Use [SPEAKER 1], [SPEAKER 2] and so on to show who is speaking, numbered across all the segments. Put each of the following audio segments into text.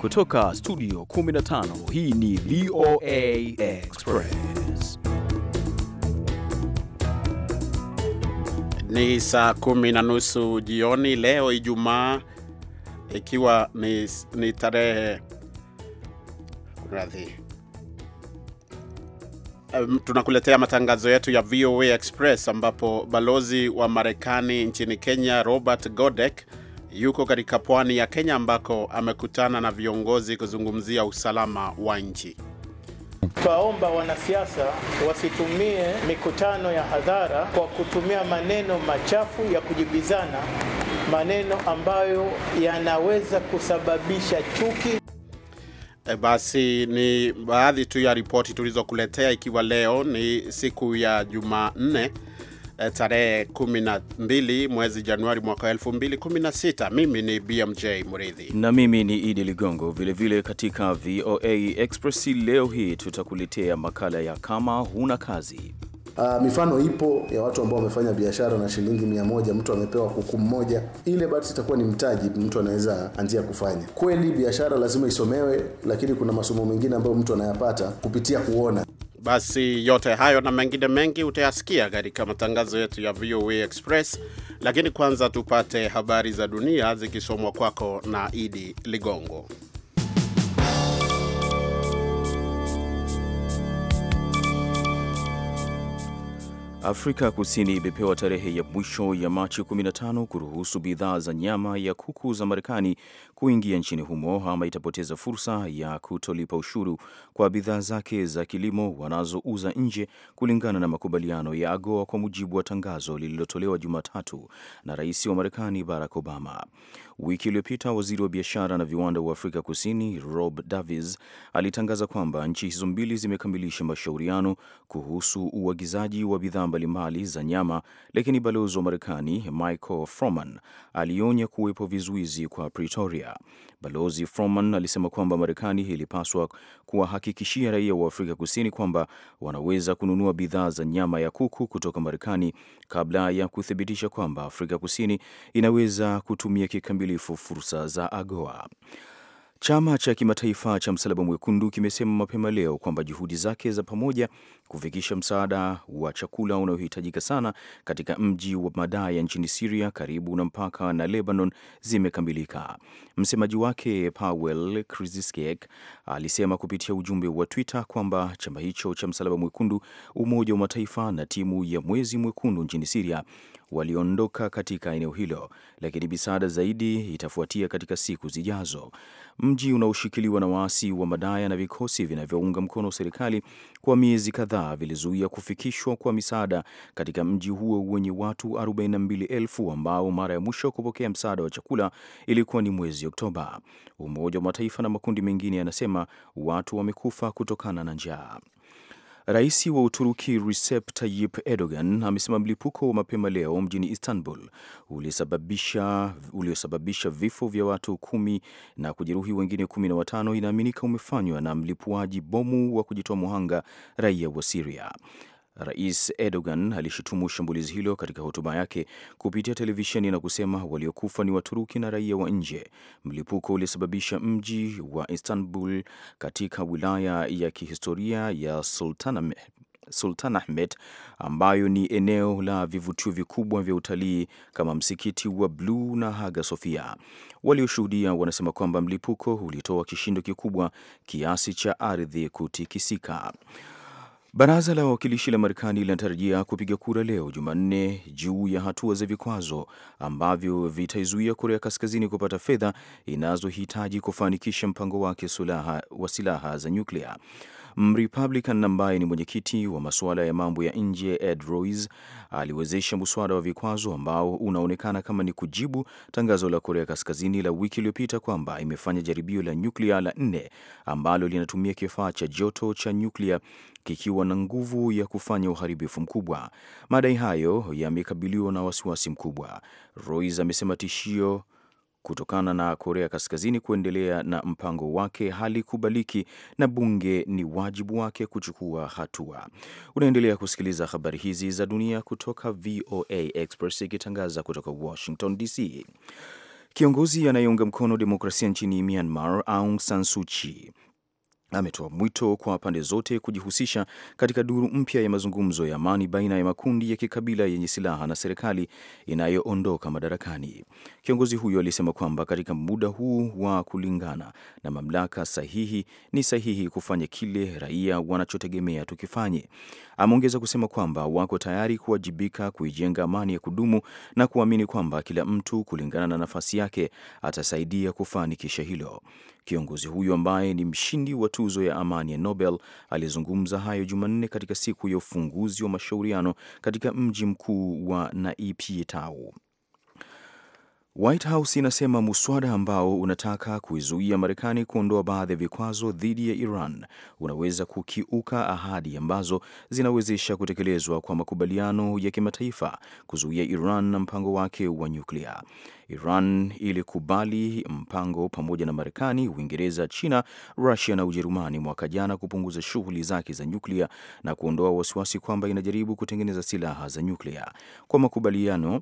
[SPEAKER 1] Kutoka studio 15 hii ni VOA Express.
[SPEAKER 2] Ni saa kumi na nusu jioni leo Ijumaa, ikiwa ni, ni tarehe radhi Um, tunakuletea matangazo yetu ya VOA Express ambapo balozi wa Marekani nchini Kenya Robert Godek yuko katika pwani ya Kenya ambako amekutana na viongozi kuzungumzia usalama wa nchi. Twaomba wanasiasa wasitumie mikutano ya hadhara kwa kutumia maneno machafu ya kujibizana, maneno ambayo yanaweza kusababisha chuki. E, basi ni baadhi tu ya ripoti tulizokuletea, ikiwa leo ni siku ya Jumanne Eh, tarehe 12 mwezi Januari mwaka 2016.
[SPEAKER 1] Mimi ni BMJ Mridhi na mimi ni Idi Ligongo. Vilevile katika VOA Express leo hii tutakuletea makala ya kama huna kazi.
[SPEAKER 3] Uh, mifano ipo ya watu ambao wamefanya biashara na shilingi mia moja, mtu amepewa kuku mmoja. Ile basi itakuwa ni mtaji mtu anaweza anzia kufanya. Kweli biashara lazima isomewe, lakini kuna masomo mengine ambayo mtu anayapata kupitia kuona.
[SPEAKER 2] Basi yote hayo na mengine mengi utayasikia katika matangazo yetu ya VOA Express, lakini kwanza tupate habari za dunia zikisomwa kwako na Idi Ligongo.
[SPEAKER 1] Afrika Kusini imepewa tarehe ya mwisho ya Machi 15 kuruhusu bidhaa za nyama ya kuku za Marekani kuingia nchini humo ama itapoteza fursa ya kutolipa ushuru kwa bidhaa zake za kilimo wanazouza nje kulingana na makubaliano ya AGOA kwa mujibu wa tangazo lililotolewa Jumatatu na Rais wa Marekani Barack Obama. Wiki iliyopita waziri wa biashara na viwanda wa Afrika Kusini Rob Davis alitangaza kwamba nchi hizo mbili zimekamilisha mashauriano kuhusu uagizaji wa bidhaa mbalimbali za nyama, lakini balozi wa Marekani Michael Froman alionya kuwepo vizuizi kwa Pretoria. Balozi Froman alisema kwamba Marekani ilipaswa kuwahakikishia raia wa Afrika Kusini kwamba wanaweza kununua bidhaa za nyama ya kuku kutoka Marekani kabla ya kuthibitisha kwamba Afrika Kusini inaweza kutumia kikamilifu fursa za AGOA. Chama cha kimataifa cha Msalaba Mwekundu kimesema mapema leo kwamba juhudi zake za pamoja kufikisha msaada wa chakula unaohitajika sana katika mji wa Madaya nchini Siria karibu na mpaka na Lebanon zimekamilika. Msemaji wake Powell Krisiskek alisema kupitia ujumbe wa Twitter kwamba chama hicho cha Msalaba Mwekundu, Umoja wa Mataifa na timu ya Mwezi Mwekundu nchini Siria waliondoka katika eneo hilo, lakini misaada zaidi itafuatia katika siku zijazo. Mji unaoshikiliwa na waasi wa Madaya na vikosi vinavyounga mkono serikali kwa miezi kadhaa kadhaa vilizuia kufikishwa kwa misaada katika mji huo wenye watu 42,000 ambao mara ya mwisho kupokea msaada wa chakula ilikuwa ni mwezi Oktoba. Umoja wa Mataifa na makundi mengine yanasema watu wamekufa kutokana na njaa. Rais wa Uturuki Recep Tayyip Erdogan amesema mlipuko wa mapema leo mjini Istanbul uliosababisha uliosababisha vifo vya watu kumi na kujeruhi wengine kumi na watano inaaminika umefanywa na mlipuaji bomu wa kujitoa muhanga raia wa Siria. Rais Erdogan alishutumu shambulizi hilo katika hotuba yake kupitia televisheni na kusema waliokufa ni Waturuki na raia wa nje. Mlipuko ulisababisha mji wa Istanbul katika wilaya ya kihistoria ya Sultanahmet ahmed ambayo ni eneo la vivutio vikubwa vya utalii kama msikiti wa Bluu na Hagia Sophia. Walioshuhudia wanasema kwamba mlipuko ulitoa kishindo kikubwa kiasi cha ardhi kutikisika. Baraza la Wawakilishi la Marekani linatarajia kupiga kura leo Jumanne juu ya hatua za vikwazo ambavyo vitaizuia Korea Kaskazini kupata fedha inazohitaji kufanikisha mpango wake wa silaha za nyuklia. Mrepublican ambaye ni mwenyekiti wa masuala ya mambo ya nje Ed Royce aliwezesha mswada wa vikwazo ambao unaonekana kama ni kujibu tangazo la Korea Kaskazini la wiki iliyopita kwamba imefanya jaribio la nyuklia la nne ambalo linatumia kifaa cha joto cha nyuklia kikiwa na nguvu ya kufanya uharibifu mkubwa. Madai hayo yamekabiliwa na wasiwasi mkubwa. Royce amesema tishio kutokana na Korea Kaskazini kuendelea na mpango wake halikubaliki na bunge ni wajibu wake kuchukua hatua. Unaendelea kusikiliza habari hizi za dunia kutoka VOA Express ikitangaza kutoka Washington DC. Kiongozi anayeunga mkono demokrasia nchini Myanmar, Aung San Suu Kyi ametoa mwito kwa pande zote kujihusisha katika duru mpya ya mazungumzo ya amani baina ya makundi ya kikabila yenye silaha na serikali inayoondoka madarakani. Kiongozi huyo alisema kwamba katika muda huu wa kulingana na mamlaka sahihi ni sahihi kufanya kile raia wanachotegemea tukifanye. Ameongeza kusema kwamba wako tayari kuwajibika kuijenga amani ya kudumu na kuamini kwamba kila mtu kulingana na nafasi yake atasaidia kufanikisha hilo. Kiongozi huyo ambaye ni mshindi wa tuzo ya amani ya Nobel alizungumza hayo Jumanne katika siku ya ufunguzi wa mashauriano katika mji mkuu wa naipietau White House inasema muswada ambao unataka kuizuia Marekani kuondoa baadhi ya vikwazo dhidi ya Iran unaweza kukiuka ahadi ambazo zinawezesha kutekelezwa kwa makubaliano ya kimataifa kuzuia Iran na mpango wake wa nyuklia. Iran ilikubali mpango pamoja na Marekani, Uingereza, China, Rusia na Ujerumani mwaka jana kupunguza shughuli zake za nyuklia na kuondoa wasiwasi kwamba inajaribu kutengeneza silaha za nyuklia. Kwa makubaliano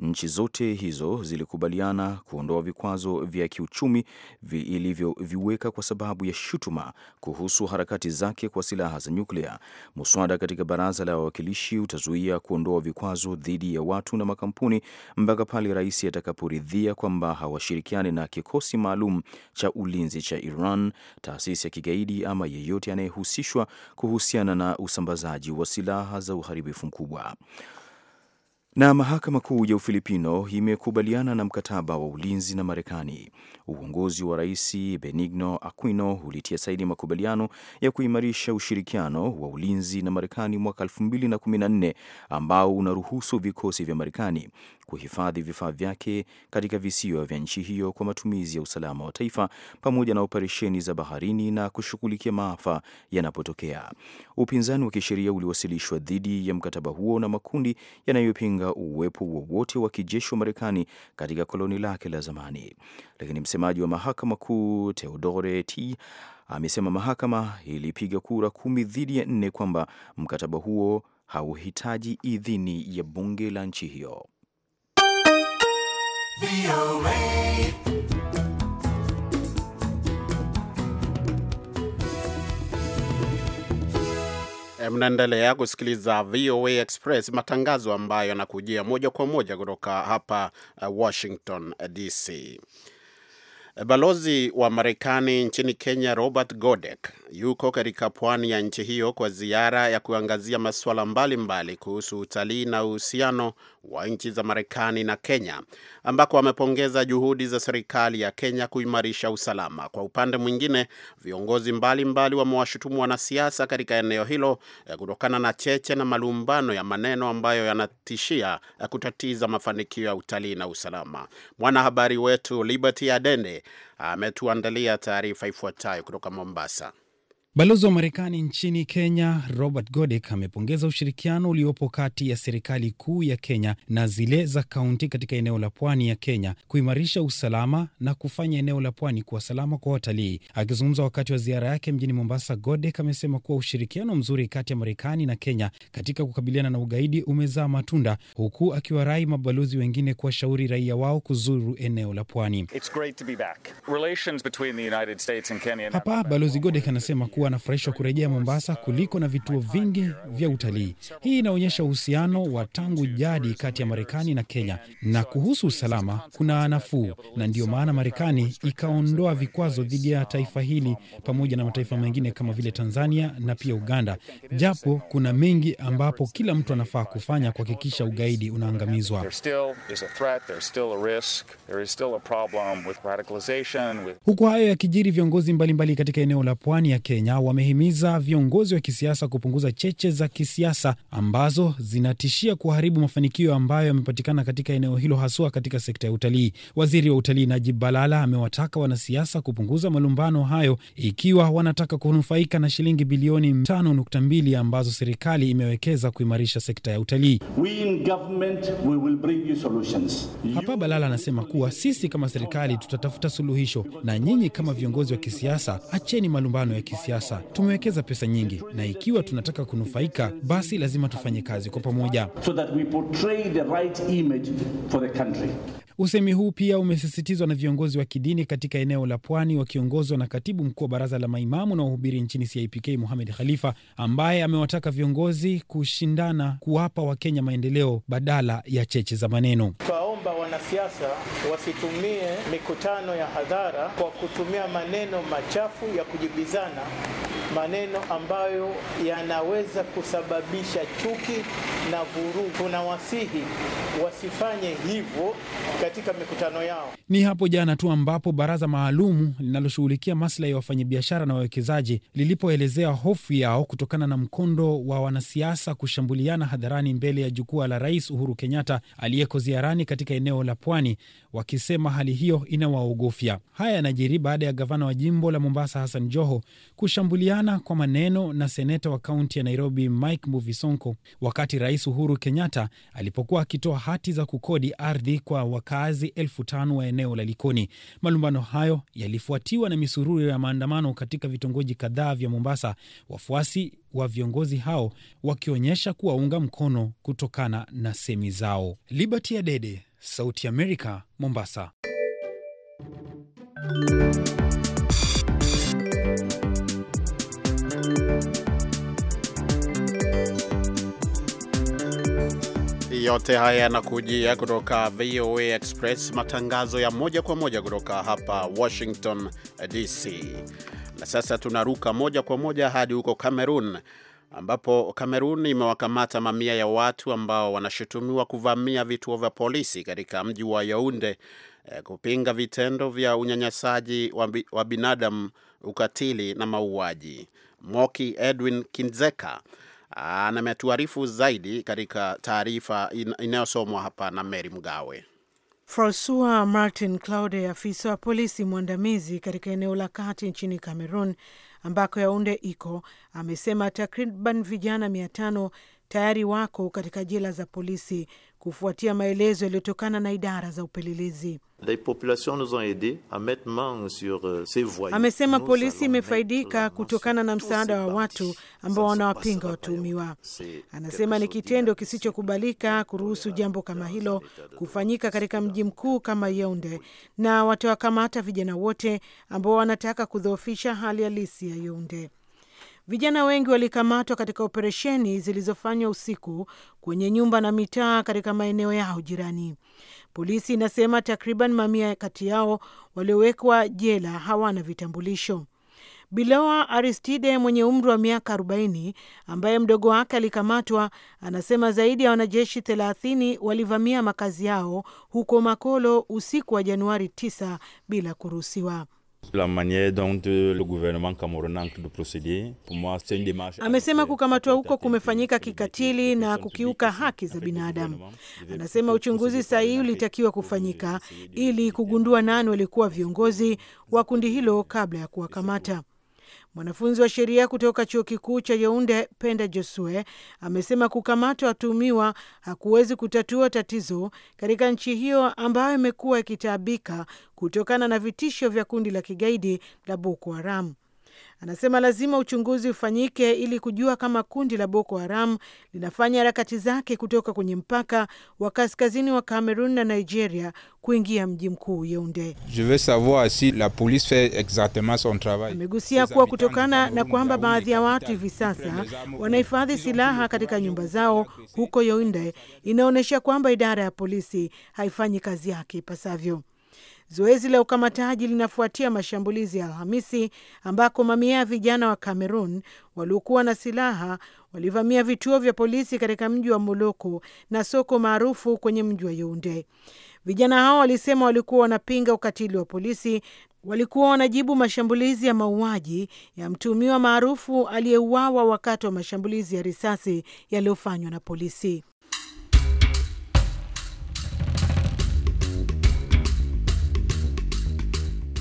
[SPEAKER 1] Nchi zote hizo zilikubaliana kuondoa vikwazo vya kiuchumi vilivyoviweka kwa sababu ya shutuma kuhusu harakati zake kwa silaha za nyuklia. Muswada katika baraza la wawakilishi utazuia kuondoa vikwazo dhidi ya watu na makampuni mpaka pale rais atakaporidhia kwamba hawashirikiani na kikosi maalum cha ulinzi cha Iran, taasisi ya kigaidi ama yeyote anayehusishwa kuhusiana na usambazaji wa silaha za uharibifu mkubwa. Na mahakama kuu ya Ufilipino imekubaliana na mkataba wa ulinzi na Marekani. Uongozi wa Rais Benigno Aquino ulitia saini makubaliano ya kuimarisha ushirikiano wa ulinzi na Marekani mwaka 2014 ambao unaruhusu vikosi vya Marekani kuhifadhi vifaa vyake katika visiwa vya nchi hiyo kwa matumizi ya usalama wa taifa pamoja na operesheni za baharini na kushughulikia maafa yanapotokea. Upinzani wa kisheria uliwasilishwa dhidi ya mkataba huo na makundi yanayopinga uwepo wowote wa kijeshi wa Marekani katika koloni lake la zamani, lakini msemaji wa mahakama kuu Theodore T amesema mahakama ilipiga kura kumi dhidi ya nne kwamba mkataba huo hauhitaji idhini ya bunge la nchi hiyo.
[SPEAKER 4] Eh,
[SPEAKER 2] mnaendelea kusikiliza VOA Express, matangazo ambayo yanakujia moja kwa moja kutoka hapa eh, Washington eh, DC. Balozi wa Marekani nchini Kenya Robert Godek yuko katika pwani ya nchi hiyo kwa ziara ya kuangazia masuala mbalimbali kuhusu utalii na uhusiano wa nchi za Marekani na Kenya, ambako amepongeza juhudi za serikali ya Kenya kuimarisha usalama. Kwa upande mwingine, viongozi mbalimbali wamewashutumu wanasiasa katika eneo hilo eh, kutokana na cheche na malumbano ya maneno ambayo yanatishia eh, kutatiza mafanikio ya utalii na usalama. Mwanahabari wetu Liberty Adende ametuandalia taarifa ifuatayo kutoka Mombasa.
[SPEAKER 5] Balozi wa Marekani nchini Kenya Robert Godek amepongeza ushirikiano uliopo kati ya serikali kuu ya Kenya na zile za kaunti katika eneo la pwani ya Kenya kuimarisha usalama na kufanya eneo la pwani kuwa salama kwa watalii. Akizungumza wakati wa ziara yake mjini Mombasa, Godek amesema kuwa ushirikiano mzuri kati ya Marekani na Kenya katika kukabiliana na ugaidi umezaa matunda, huku akiwarai mabalozi wengine kuwashauri raia wao kuzuru eneo la pwani. Hapa Balozi Godek anasema kuwa wanafurahishwa kurejea Mombasa kuliko na vituo vingi vya utalii. Hii inaonyesha uhusiano wa tangu jadi kati ya Marekani na Kenya, na kuhusu usalama kuna nafuu, na ndiyo maana Marekani ikaondoa vikwazo dhidi ya taifa hili pamoja na mataifa mengine kama vile Tanzania na pia Uganda, japo kuna mengi ambapo kila mtu anafaa kufanya kuhakikisha ugaidi unaangamizwa. Huku hayo yakijiri, viongozi mbalimbali mbali katika eneo la pwani ya Kenya Kenya wamehimiza viongozi wa kisiasa kupunguza cheche za kisiasa ambazo zinatishia kuharibu mafanikio ambayo yamepatikana katika eneo hilo, haswa katika sekta ya utalii. Waziri wa utalii Najib Balala amewataka wanasiasa kupunguza malumbano hayo ikiwa wanataka kunufaika na shilingi bilioni 5.2 ambazo serikali imewekeza kuimarisha sekta ya utalii. Hapa Balala anasema kuwa sisi kama serikali tutatafuta suluhisho, na nyinyi kama viongozi wa kisiasa acheni malumbano ya kisiasa darasa. Tumewekeza pesa nyingi, na ikiwa tunataka kunufaika, basi lazima tufanye kazi kwa pamoja. So that we portray the right image for the country. Usemi huu pia umesisitizwa na viongozi wa kidini katika eneo la Pwani wakiongozwa na katibu mkuu wa baraza la maimamu na wahubiri nchini CIPK muhamed Khalifa, ambaye amewataka viongozi kushindana kuwapa Wakenya maendeleo badala ya cheche za maneno.
[SPEAKER 2] Twaomba wanasiasa wasitumie mikutano ya hadhara kwa kutumia maneno machafu ya kujibizana maneno ambayo yanaweza kusababisha chuki na vurugu. Tunawasihi wasifanye hivyo katika mikutano yao.
[SPEAKER 5] Ni hapo jana tu ambapo baraza maalumu linaloshughulikia maslahi ya wafanyabiashara na wawekezaji lilipoelezea hofu yao kutokana na mkondo wa wanasiasa kushambuliana hadharani mbele ya jukwaa la Rais Uhuru Kenyatta aliyeko ziarani katika eneo la Pwani, wakisema hali hiyo inawaogofya. Haya yanajiri baada ya gavana wa jimbo la Mombasa Hassan Joho kushambulia Wamepingana kwa maneno na seneta wa kaunti ya Nairobi Mike Muvisonko wakati Rais Uhuru Kenyatta alipokuwa akitoa hati za kukodi ardhi kwa wakaazi elfu tano wa eneo la Likoni. Malumbano hayo yalifuatiwa na misururu ya maandamano katika vitongoji kadhaa vya Mombasa, wafuasi wa viongozi hao wakionyesha kuwaunga mkono kutokana na semi zao. Liberty Adede, Sauti ya Amerika, Mombasa.
[SPEAKER 2] Yote haya yanakujia kutoka VOA Express, matangazo ya moja kwa moja kutoka hapa Washington DC. Na sasa tunaruka moja kwa moja hadi huko Cameroon, ambapo Cameroon imewakamata mamia ya watu ambao wanashutumiwa kuvamia vituo vya polisi katika mji wa Yaunde eh, kupinga vitendo vya unyanyasaji wa binadamu, ukatili na mauaji. Moki Edwin Kinzeka na ametuarifu zaidi katika taarifa inayosomwa hapa na Mary Mgawe.
[SPEAKER 6] François Martin Claude, afisa wa polisi mwandamizi katika eneo la kati nchini Cameroon ambako Yaunde iko, amesema takriban vijana mia tano tayari wako katika jela za polisi kufuatia maelezo yaliyotokana na idara za upelelezi.
[SPEAKER 2] Euh, Amesema polisi
[SPEAKER 6] imefaidika kutokana na msaada wa watu ambao wanawapinga watuhumiwa. Anasema ni kitendo kisichokubalika kuruhusu jambo kama hilo kufanyika katika mji mkuu kama yeunde na watawakamata vijana wote ambao wanataka kudhoofisha hali halisi ya yeunde Vijana wengi walikamatwa katika operesheni zilizofanywa usiku kwenye nyumba na mitaa katika maeneo yao jirani. Polisi inasema takriban mamia kati yao waliowekwa jela hawana vitambulisho. Biloa Aristide mwenye umri wa miaka 40 ambaye mdogo wake alikamatwa anasema zaidi ya wanajeshi 30 walivamia makazi yao huko Makolo usiku wa Januari 9 bila kuruhusiwa.
[SPEAKER 1] La manière dont euh, le gouvernement camerounais de procéder, pour moi, c'est une démarche.
[SPEAKER 6] Amesema kukamatwa huko kumefanyika kikatili na kukiuka haki za binadamu. Anasema uchunguzi sahihi ulitakiwa kufanyika ili kugundua nani walikuwa viongozi wa kundi hilo kabla ya kuwakamata. Mwanafunzi wa sheria kutoka chuo kikuu cha Yeunde, Penda Josue, amesema kukamatwa watuhumiwa hakuwezi kutatua tatizo katika nchi hiyo ambayo imekuwa ikitaabika kutokana na vitisho vya kundi la kigaidi la Boko Haram. Anasema lazima uchunguzi ufanyike ili kujua kama kundi la Boko Haram linafanya harakati zake kutoka kwenye mpaka wa kaskazini wa cameron na Nigeria kuingia mji mkuu Yeunde.
[SPEAKER 2] si
[SPEAKER 6] Amegusia kuwa kutokana na kwamba baadhi ya watu hivi sasa wanahifadhi silaha katika nyumba zao huko Yeunde, inaonyesha kwamba idara ya polisi haifanyi kazi yake ipasavyo. Zoezi la ukamataji linafuatia mashambulizi ya Alhamisi ambako mamia ya vijana wa Cameroon waliokuwa na silaha walivamia vituo vya polisi katika mji wa Moloko na soko maarufu kwenye mji wa Yaounde. Vijana hao walisema walikuwa wanapinga ukatili wa polisi, walikuwa wanajibu mashambulizi ya mauaji ya mtuhumiwa maarufu aliyeuawa wakati wa mashambulizi ya risasi yaliyofanywa na polisi.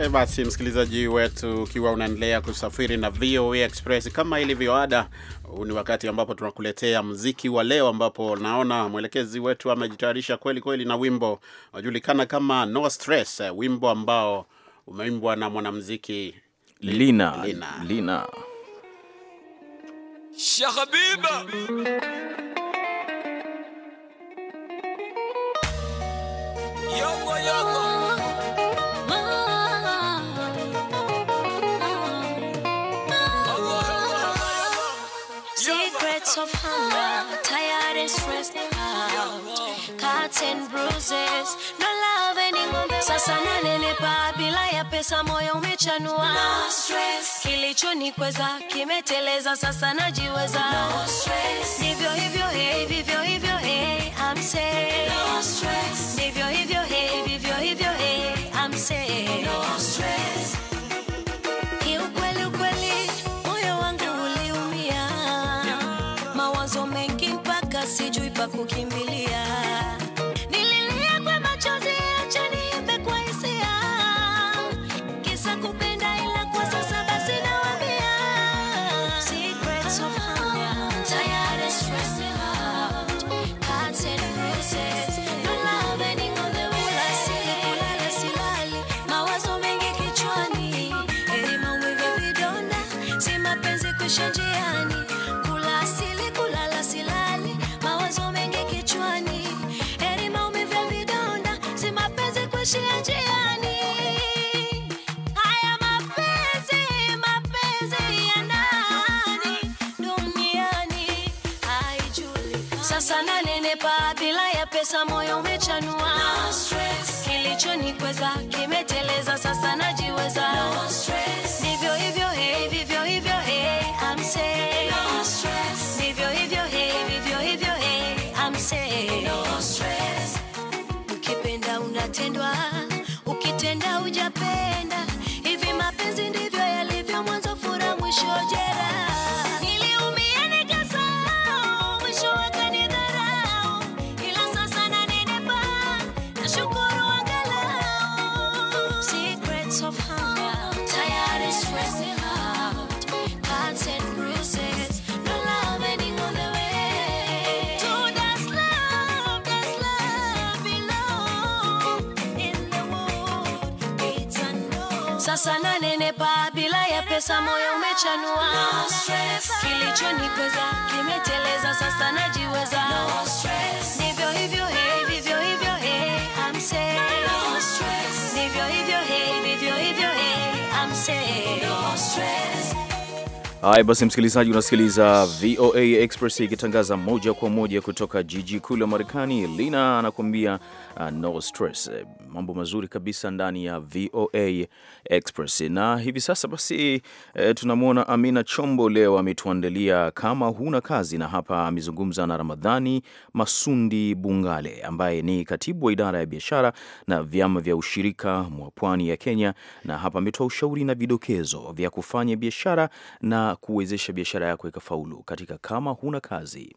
[SPEAKER 2] E basi, msikilizaji wetu, ukiwa unaendelea kusafiri na VOA Express kama ilivyo ada, huu ni wakati ambapo tunakuletea mziki wa leo, ambapo naona mwelekezi wetu amejitayarisha kweli kweli na wimbo unajulikana kama No Stress, wimbo ambao umeimbwa na mwanamziki
[SPEAKER 1] Lina, Lina. Lina.
[SPEAKER 4] Shahabiba. Yoko, yoko. Sasa nanenepa bila ya pesa, moyo umechanua, no kilichonikweza kimeteleza, sasa najiweza no you give me Sasa nanenepa bila ya pesa, moyo umechanua. Kilichonikweza kimeteleza, sasa najiweza. Ndivyo hivyo hey, vivyo hivyo hey, I'm safe. Ndivyo hivyo hey, vivyo hivyo hey, I'm safe. Ukipenda unatendwa, ukitenda ujapenda. Hivi mapenzi ndivyo yalivyo, mwanzo fura, mwisho jeraha. Sasa nanenepa bila ya pesa, moyo umechanua. Kilichonikweza kimeteleza, sasa najiweza. nivyo hivyo hey, vivyo hivyo hey, I'm safe. Ndivyo hivyo hey, vivyo hivyo hey, I'm safe. No stress.
[SPEAKER 1] Haya basi, msikilizaji, unasikiliza VOA Express ikitangaza moja kwa moja kutoka jiji kuu la Marekani. Lina anakuambia uh, no stress. Eh, mambo mazuri kabisa ndani ya VOA Express. Na hivi sasa basi, eh, tunamwona Amina Chombo leo ametuandalia kama huna kazi, na hapa amezungumza na Ramadhani Masundi Bungale ambaye ni katibu wa idara ya biashara na vyama vya ushirika mwa pwani ya Kenya, na hapa ametoa ushauri na vidokezo vya kufanya biashara na kuwezesha biashara yako ikafaulu katika kama huna kazi.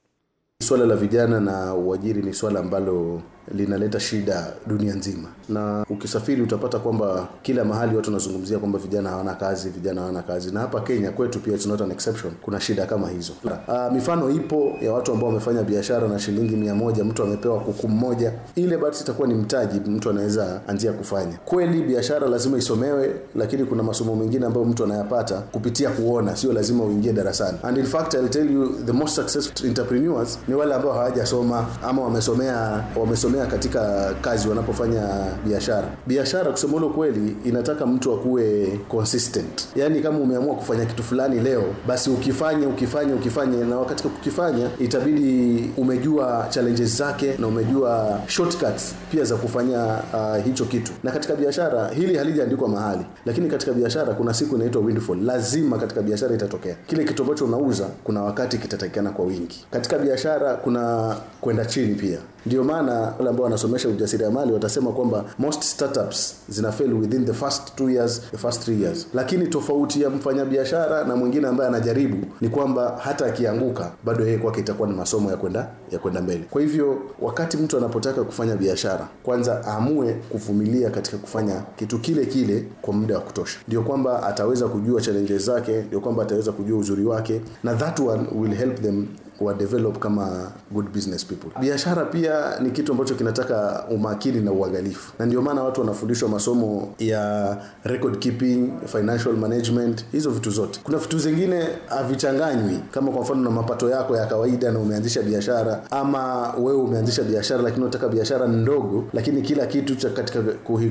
[SPEAKER 3] Swala la vijana na uajiri ni swala ambalo linaleta shida dunia nzima, na ukisafiri utapata kwamba kila mahali watu wanazungumzia kwamba vijana hawana kazi, vijana hawana kazi, na hapa Kenya kwetu pia it's not an exception. Kuna shida kama hizo. Uh, mifano ipo ya watu ambao wamefanya biashara na shilingi mia moja, mtu amepewa kuku mmoja, ile basi itakuwa ni mtaji mtu anaweza anzia kufanya. Kweli biashara lazima isomewe, lakini kuna masomo mengine ambayo mtu anayapata kupitia kuona, sio lazima uingie darasani. And in fact I'll tell you the most successful entrepreneurs ni wale ambao hawajasoma ama wamesomea wamesomea kujitegemea katika kazi wanapofanya biashara. Biashara kusema ule kweli inataka mtu akuwe consistent. Yaani kama umeamua kufanya kitu fulani leo, basi ukifanya ukifanya ukifanya na wakati ukifanya itabidi umejua challenges zake na umejua shortcuts pia za kufanya uh, hicho kitu. Na katika biashara hili halijaandikwa mahali, lakini katika biashara kuna siku inaitwa windfall. Lazima katika biashara itatokea. Kile kitu ambacho unauza kuna wakati kitatakikana kwa wingi. Katika biashara kuna kwenda chini pia ndio maana wale ambao wanasomesha ujasiriamali watasema kwamba most startups zina fail within the first two years, the first three years. Lakini tofauti ya mfanyabiashara na mwingine ambaye anajaribu ni kwamba hata akianguka bado yeye kwake itakuwa ni masomo ya kwenda ya kwenda mbele. Kwa hivyo wakati mtu anapotaka kufanya biashara, kwanza aamue kuvumilia katika kufanya kitu kile kile kwa muda wa kutosha, ndio kwamba ataweza kujua challenges zake, ndio kwamba ataweza kujua uzuri wake, na that one will help them wa develop kama good business people. Biashara pia ni kitu ambacho kinataka umakini na uangalifu, na ndio maana watu wanafundishwa masomo ya record keeping, financial management, hizo vitu zote. Kuna vitu zingine havichanganywi, kama kwa mfano na mapato yako ya kawaida na umeanzisha biashara, ama wewe umeanzisha biashara lakini unataka biashara ndogo, lakini kila kitu cha katika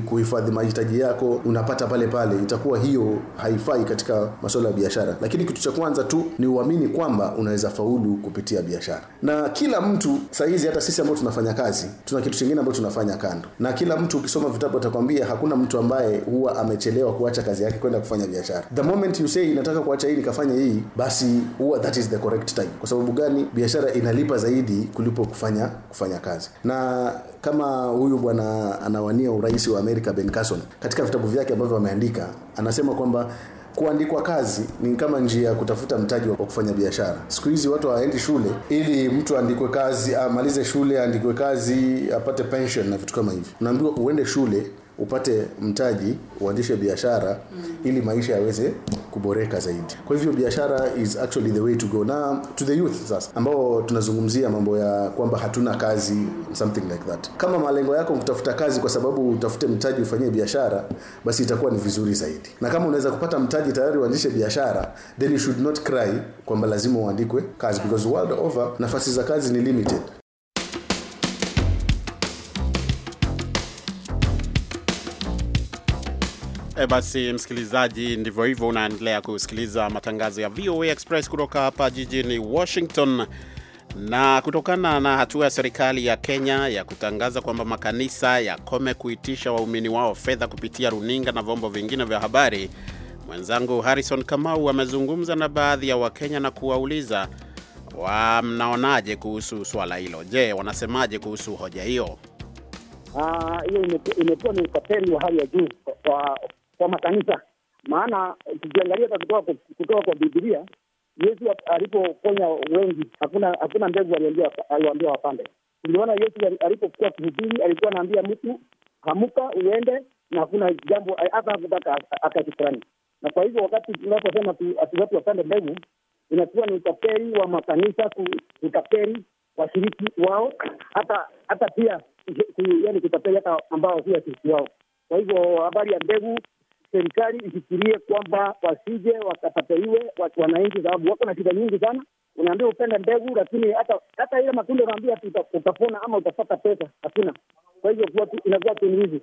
[SPEAKER 3] kuhifadhi mahitaji yako unapata pale pale, itakuwa hiyo haifai katika masuala ya biashara. Lakini kitu cha kwanza tu ni uamini kwamba unaweza faulu kupi kupitia biashara. Na kila mtu sahizi hata sisi ambao tunafanya kazi, tuna kitu kingine ambacho tunafanya kando, na kila mtu ukisoma vitabu atakwambia hakuna mtu ambaye huwa amechelewa kuacha kazi yake kwenda kufanya biashara. The moment you say nataka kuacha hii nikafanya hii, basi huwa that is the correct time. Kwa sababu gani? Biashara inalipa zaidi kulipo kufanya kufanya kazi. Na kama huyu bwana anawania urais wa Amerika Ben Carson, katika vitabu vyake ambavyo ameandika anasema kwamba kuandikwa kazi ni kama njia ya kutafuta mtaji wa kufanya biashara. Siku hizi watu hawaendi shule ili mtu aandikwe kazi, amalize shule, aandikwe kazi, apate pension na vitu kama hivyo. Unaambiwa uende shule upate mtaji uanzishe biashara mm. ili maisha yaweze kuboreka zaidi. Kwa hivyo biashara is actually the way to go. Na to the youth sasa ambao tunazungumzia mambo ya kwamba hatuna kazi something like that. Kama malengo yako kutafuta kazi kwa sababu utafute mtaji ufanyie biashara, basi itakuwa ni vizuri zaidi. Na kama unaweza kupata mtaji tayari uanzishe biashara, then you should not cry kwamba lazima uandikwe kazi because world over nafasi za kazi ni limited.
[SPEAKER 2] E, basi msikilizaji, ndivyo hivyo, unaendelea kusikiliza matangazo ya VOA Express kutoka hapa jijini Washington. Na kutokana na hatua ya serikali ya Kenya ya kutangaza kwamba makanisa yakome kuitisha waumini wao fedha kupitia runinga na vyombo vingine vya habari, mwenzangu Harrison Kamau amezungumza na baadhi ya Wakenya na kuwauliza wamnaonaje kuhusu swala hilo. Je, wanasemaje kuhusu hoja hiyo?
[SPEAKER 5] Ah, hiyo imekuwa ni ukateli wa hali ya juu kwa kwa makanisa, maana tukiangalia hata kutoka, kutoka kwa bibilia Yesu alipoponya wengi, hakuna hakuna mbegu aliwaambia wapande. Tuliona Yesu alipokuwa kuhubiri, alikuwa anaambia mtu hamuka uende, na hakuna jambo hata hakutaka akashukurani. Na kwa hivyo wakati tunaposema atuwatu wapande mbegu, inakuwa ni utapeli wa makanisa, utapeli washiriki wao, hata hata pia yani kutapeli hata ambao si washiriki wao. Kwa hivyo habari ya mbegu serikali ifikirie kwamba wasije wakapateiwe wananchi, sababu wako na shida nyingi sana. Unaambia upenda mbegu, lakini hata hata ile matunda unaambia utapona ama utapata pesa, hakuna. Kwa hivyo inakuwa tu hivi.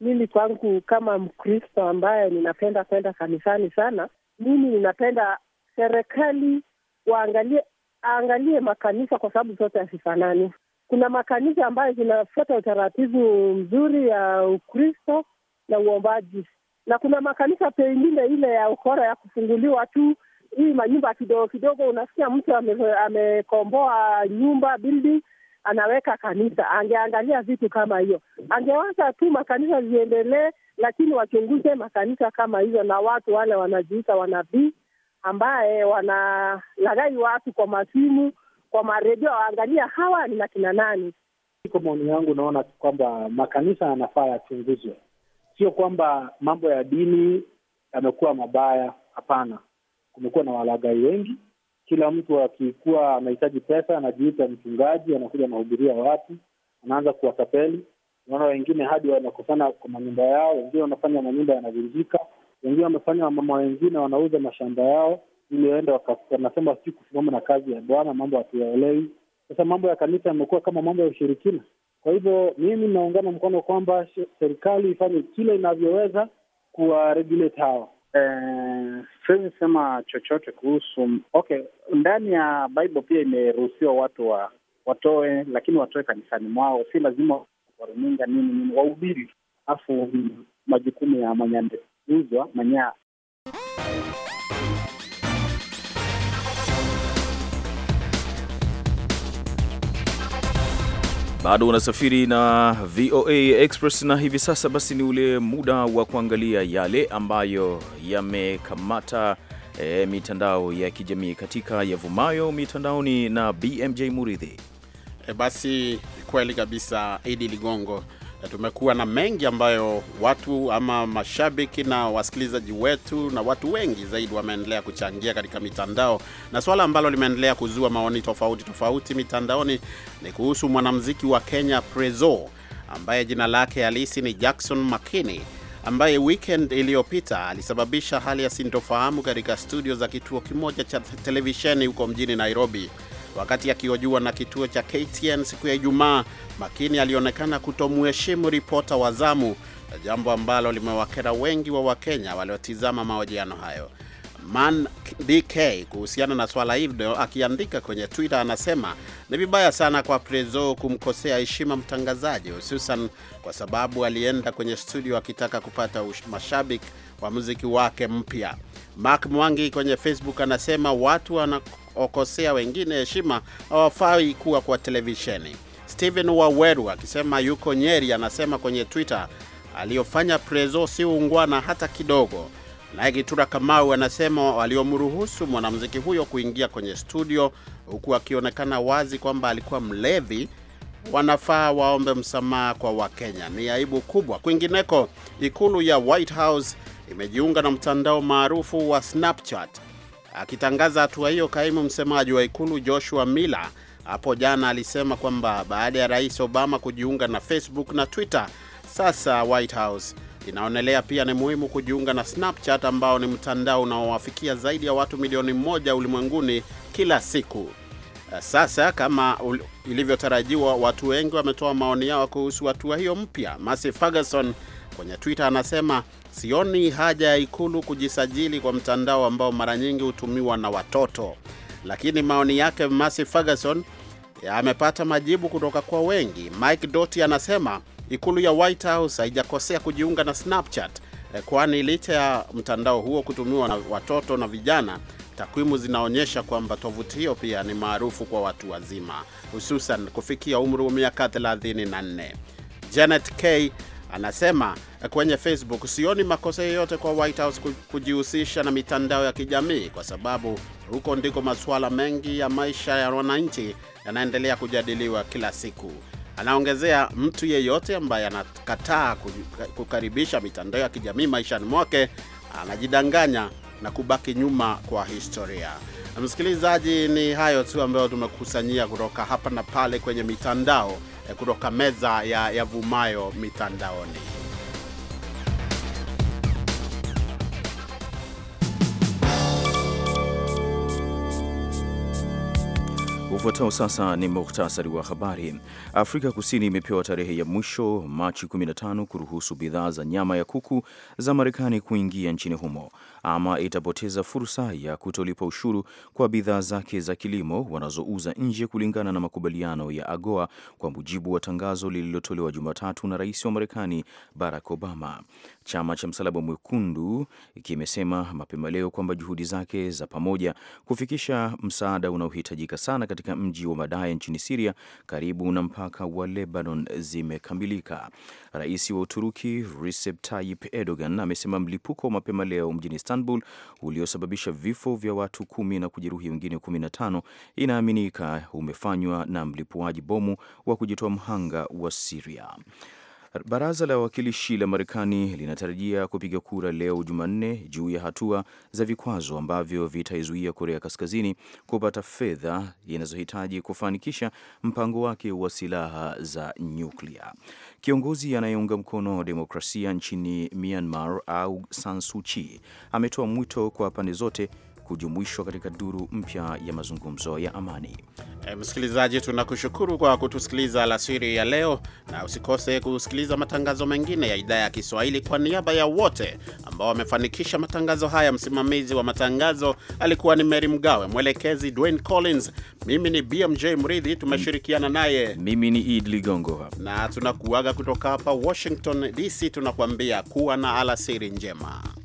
[SPEAKER 5] Mimi kwangu kama Mkristo ambaye ninapenda kwenda kanisani sana, mimi ninapenda serikali waangalie aangalie makanisa kwa sababu zote hazifanani. Kuna makanisa ambayo zinafuata utaratibu mzuri ya Ukristo na uombaji, na kuna makanisa pengine ile ya ukora ya kufunguliwa tu, hii manyumba kidogo kidogo. Unasikia mtu amekomboa ame nyumba building anaweka kanisa. Angeangalia vitu kama hiyo, angewaza tu makanisa ziendelee, lakini wachunguze makanisa kama hizo na watu wale wanajiita wanabii, ambaye wanalagai watu kwa masimu, kwa maredio. Waangalia hawa ni na kina nani. Kwa maoni yangu, naona kwamba makanisa yanafaa yachunguzwe Sio kwamba mambo ya dini yamekuwa mabaya, hapana. Kumekuwa na walagai wengi. Kila mtu akikuwa anahitaji pesa anajiita mchungaji, anakuja anahubiria watu, anaanza kuwatapeli. Unaona wengine hadi wanakosana kwa manyumba yao, wengine wanafanya manyumba yanavunjika, wengine wamefanya wamama, wengine wanauza mashamba yao ili waende wanasema, si kusimama na kazi ya Bwana, mambo hatuyaelewi. Sasa mambo ya kanisa yamekuwa kama mambo ya ushirikina. Kwa hivyo mimi naungana mkono kwamba serikali ifanye kile inavyoweza kuwa hao. Eh, siwezi sema chochote kuhusu okay. Ndani ya Bible pia imeruhusiwa watu wa watoe, lakini watoe kanisani mwao, si lazima waruninga nini nini, wahubiri afu majukumu ya mwenye manyaa
[SPEAKER 1] Bado unasafiri na VOA Express na hivi sasa basi ni ule muda wa kuangalia yale ambayo yamekamata e, mitandao ya kijamii katika yavumayo mitandaoni na BMJ Muridhi. E, basi kweli kabisa
[SPEAKER 2] Idi Ligongo, tumekuwa na mengi ambayo watu ama mashabiki na wasikilizaji wetu na watu wengi zaidi wameendelea kuchangia katika mitandao, na swala ambalo limeendelea kuzua maoni tofauti tofauti mitandaoni ni kuhusu mwanamuziki wa Kenya Prezo ambaye jina lake halisi ni Jackson Makini ambaye weekend iliyopita alisababisha hali ya sintofahamu katika studio za kituo kimoja cha televisheni huko mjini Nairobi Wakati akiojua na kituo cha KTN siku ya Ijumaa, Makini alionekana kutomheshimu ripota wa zamu, jambo ambalo limewakera wengi wa Wakenya waliotizama mahojiano hayo. Man DK kuhusiana na swala hilo akiandika kwenye Twitter anasema ni vibaya sana kwa Prezo kumkosea heshima mtangazaji, hususan kwa sababu alienda kwenye studio akitaka kupata mashabiki kwa muziki wake mpya. Mark Mwangi kwenye Facebook anasema watu wanaokosea wengine heshima hawafai kuwa kwa televisheni. Steven Waweru akisema yuko Nyeri anasema kwenye Twitter aliyofanya Prezo si ungwana hata kidogo. Naye Gitura Kamau anasema waliomruhusu mwanamuziki huyo kuingia kwenye studio, huku akionekana wazi kwamba alikuwa mlevi wanafaa waombe msamaha kwa Wakenya. Ni aibu kubwa. Kwingineko, ikulu ya White House imejiunga na mtandao maarufu wa Snapchat. Akitangaza hatua hiyo, kaimu msemaji wa ikulu Joshua Miller hapo jana alisema kwamba baada ya Rais Obama kujiunga na Facebook na Twitter, sasa White House inaonelea pia ni muhimu kujiunga na Snapchat ambao ni mtandao unaowafikia zaidi ya watu milioni moja ulimwenguni kila siku. Eh, sasa kama ilivyotarajiwa, watu wengi wametoa maoni yao kuhusu hatua hiyo mpya. Masi Ferguson kwenye Twitter anasema sioni haja ya Ikulu kujisajili kwa mtandao ambao mara nyingi hutumiwa na watoto. Lakini maoni yake Masi Ferguson amepata majibu kutoka kwa wengi. Mike Doty anasema Ikulu ya White House haijakosea kujiunga na Snapchat, eh, kwani licha ya mtandao huo kutumiwa na watoto na vijana, Takwimu zinaonyesha kwamba tovuti hiyo pia ni maarufu kwa watu wazima, hususan kufikia umri wa miaka 34. Janet K anasema kwenye Facebook, sioni makosa yoyote kwa White House kujihusisha na mitandao ya kijamii kwa sababu huko ndiko masuala mengi ya maisha ya wananchi yanaendelea kujadiliwa kila siku. Anaongezea, mtu yeyote ambaye anakataa kukaribisha mitandao ya kijamii maishani mwake anajidanganya na kubaki nyuma kwa historia. Msikilizaji, ni hayo tu ambayo tumekusanyia kutoka hapa na pale kwenye mitandao, eh, kutoka meza ya yavumayo mitandaoni.
[SPEAKER 1] Ufuatao sasa ni muhtasari wa habari. Afrika Kusini imepewa tarehe ya mwisho Machi 15 kuruhusu bidhaa za nyama ya kuku za Marekani kuingia nchini humo ama itapoteza fursa ya kutolipa ushuru kwa bidhaa zake za kilimo wanazouza nje kulingana na makubaliano ya AGOA kwa mujibu wa tangazo lililotolewa Jumatatu na rais wa Marekani Barack Obama. Chama cha Msalaba Mwekundu kimesema mapema leo kwamba juhudi zake za pamoja kufikisha msaada unaohitajika sana katika mji wa Madaya nchini Siria karibu na mpaka wa Lebanon zimekamilika. Rais wa Uturuki Recep Tayyip Erdogan amesema mlipuko wa mapema leo mjini Istanbul Istanbul uliosababisha vifo vya watu kumi na kujeruhi wengine 15 inaaminika umefanywa na mlipuaji bomu wa kujitoa mhanga wa Siria. Baraza la Wawakilishi la Marekani linatarajia kupiga kura leo Jumanne juu ya hatua za vikwazo ambavyo vitaizuia Korea Kaskazini kupata fedha inazohitaji kufanikisha mpango wake wa silaha za nyuklia. Kiongozi anayeunga mkono demokrasia nchini Myanmar Aung San Suu Kyi ametoa mwito kwa pande zote kujumuishwa katika duru mpya ya mazungumzo ya amani.
[SPEAKER 2] E, msikilizaji, tunakushukuru kwa kutusikiliza alasiri ya leo, na usikose kusikiliza matangazo mengine ya idhaa ya Kiswahili. Kwa niaba ya wote ambao wamefanikisha matangazo haya, msimamizi wa matangazo alikuwa ni Mary Mgawe, mwelekezi Dwayne Collins, mimi ni BMJ Mridhi, tumeshirikiana naye
[SPEAKER 1] mimi ni Id Ligongo hapa, na
[SPEAKER 2] tunakuaga kutoka hapa Washington DC, tunakuambia kuwa na alasiri njema.